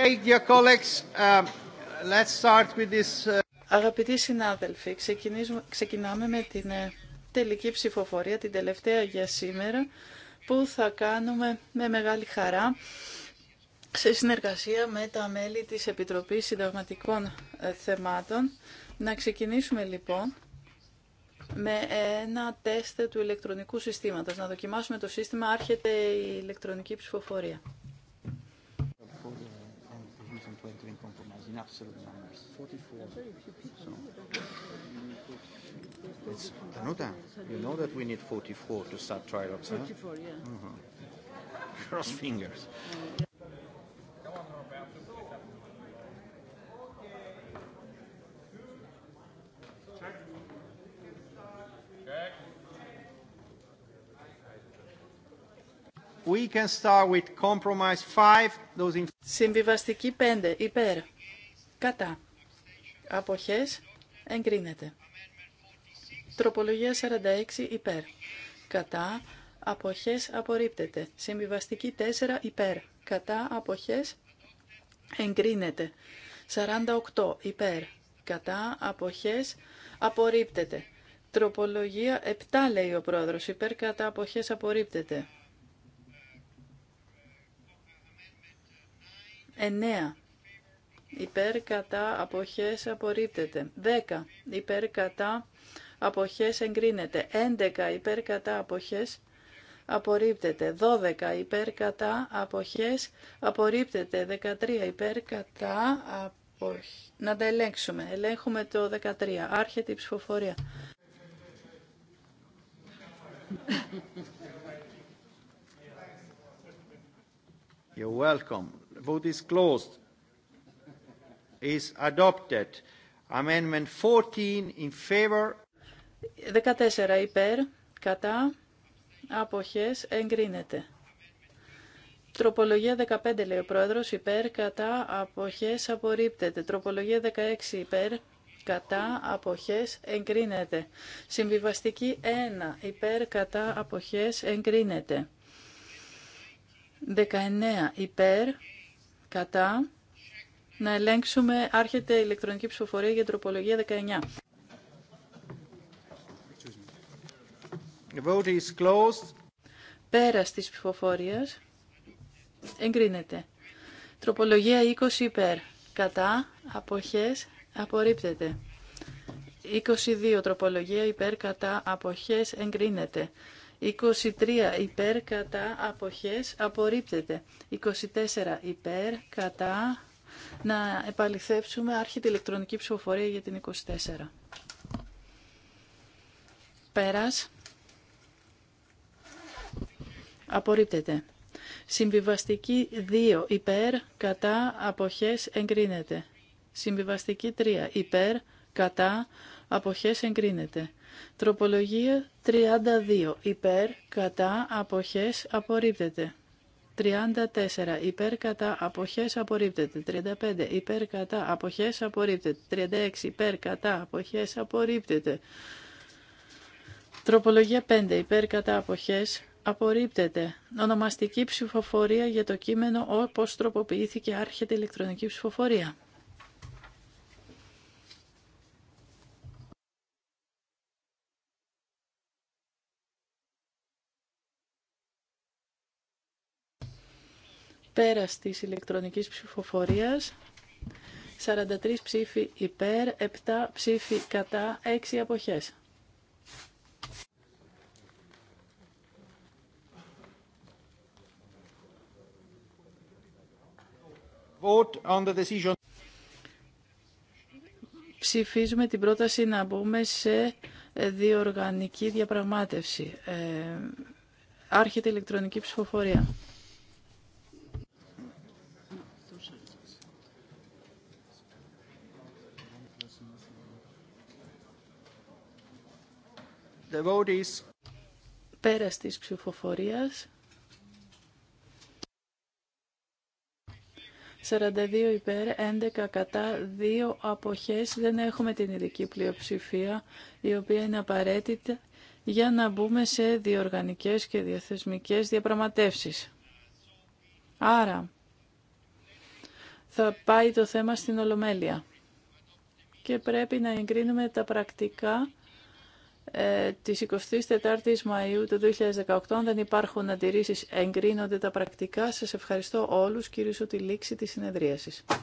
Um, uh, Αγαπητοί συνάδελφοι, ξεκινάμε με την ε, τελική ψηφοφορία, την τελευταία για σήμερα, που θα κάνουμε με μεγάλη χαρά σε συνεργασία με τα μέλη της Επιτροπής Συνταγματικών ε, Θεμάτων. Να ξεκινήσουμε λοιπόν με ένα τεστ του ηλεκτρονικού συστήματος. Να δοκιμάσουμε το σύστημα, άρχεται η ηλεκτρονική ψηφοφορία comes on plenary compromise in absolute numbers. 44. So it's Danuta. You know that we need 44 to start huh? 44, yeah. Cross fingers. We can start with compromise five. Those in... Συμβιβαστική 5. Υπέρ. Κατά. Αποχές. Εγκρίνεται. Τροπολογία 46. Υπέρ. Κατά. Αποχές. Απορρίπτεται. Συμβιβαστική 4. Υπέρ. Κατά. Αποχές. Εγκρίνεται. 48. Υπέρ. Κατά. Αποχές. Απορρίπτεται. Τροπολογία 7 λέει ο πρόεδρος. Υπέρ κατά αποχές απορρίπτεται. 9. Υπέρ κατά αποχές απορρίπτεται. 10. Υπέρ κατά αποχές εγκρίνεται. 11. Υπέρ κατά αποχές απορρίπτεται. 12. Υπέρ κατά αποχές απορρίπτεται. 13. Υπέρ κατά αποχές. Να τα ελέγξουμε. Ελέγχουμε το 13. Άρχεται η ψηφοφορία. You're welcome. Vote is closed. Is adopted. Amendment 14 in favor. 14 υπέρ, κατά, αποχές, εγκρίνεται. Τροπολογία 15 λέει ο πρόεδρος, υπέρ, κατά, αποχές, απορρίπτεται. Τροπολογία 16 υπέρ, κατά, αποχές, εγκρίνεται. Συμβιβαστική 1, υπέρ, κατά, αποχές, εγκρίνεται. 19 υπέρ, κατά. Να ελέγξουμε. Άρχεται η ηλεκτρονική ψηφοφορία για τροπολογία 19. The vote is closed. Πέρας της ψηφοφορίας εγκρίνεται. Τροπολογία 20 υπέρ. Κατά, αποχές, απορρίπτεται. 22 τροπολογία υπέρ κατά αποχές εγκρίνεται. 23 υπέρ κατά αποχές απορρίπτεται. 24 υπέρ κατά να επαληθεύσουμε άρχιτη ηλεκτρονική ψηφοφορία για την 24. Πέρας. Απορρίπτεται. Συμβιβαστική 2 υπέρ κατά αποχές εγκρίνεται. Συμβιβαστική 3 υπέρ κατά, αποχές εγκρίνεται. Τροπολογία 32. Υπέρ, κατά, αποχές, απορρίπτεται. 34. Υπέρ κατά αποχές απορρίπτεται. 35. Υπέρ κατά αποχές απορρίπτεται. 36. Υπέρ κατά αποχές απορρίπτεται. Τροπολογία 5. Υπέρ κατά αποχές απορρίπτεται. Ονομαστική ψηφοφορία για το κείμενο όπως τροποποιήθηκε άρχεται ηλεκτρονική ψηφοφορία. Πέρας της ηλεκτρονικής ψηφοφορίας, 43 ψήφοι υπέρ, 7 ψήφοι κατά, 6 αποχές. Vote on the decision. Ψηφίζουμε την πρόταση να μπούμε σε διοργανική διαπραγμάτευση. Ε, άρχεται ηλεκτρονική ψηφοφορία. The vote Πέρας της ψηφοφορίας. 42 υπέρ, 11 κατά, 2 αποχές. Δεν έχουμε την ειδική πλειοψηφία, η οποία είναι απαραίτητη για να μπούμε σε διοργανικές και διαθεσμικές διαπραγματεύσεις. Άρα, θα πάει το θέμα στην Ολομέλεια και πρέπει να εγκρίνουμε τα πρακτικά ε, της 24ης Μαΐου του 2018. δεν υπάρχουν αντιρρήσεις, εγκρίνονται τα πρακτικά. Σας ευχαριστώ όλους. κυρίως τη λήξη της συνεδρίασης.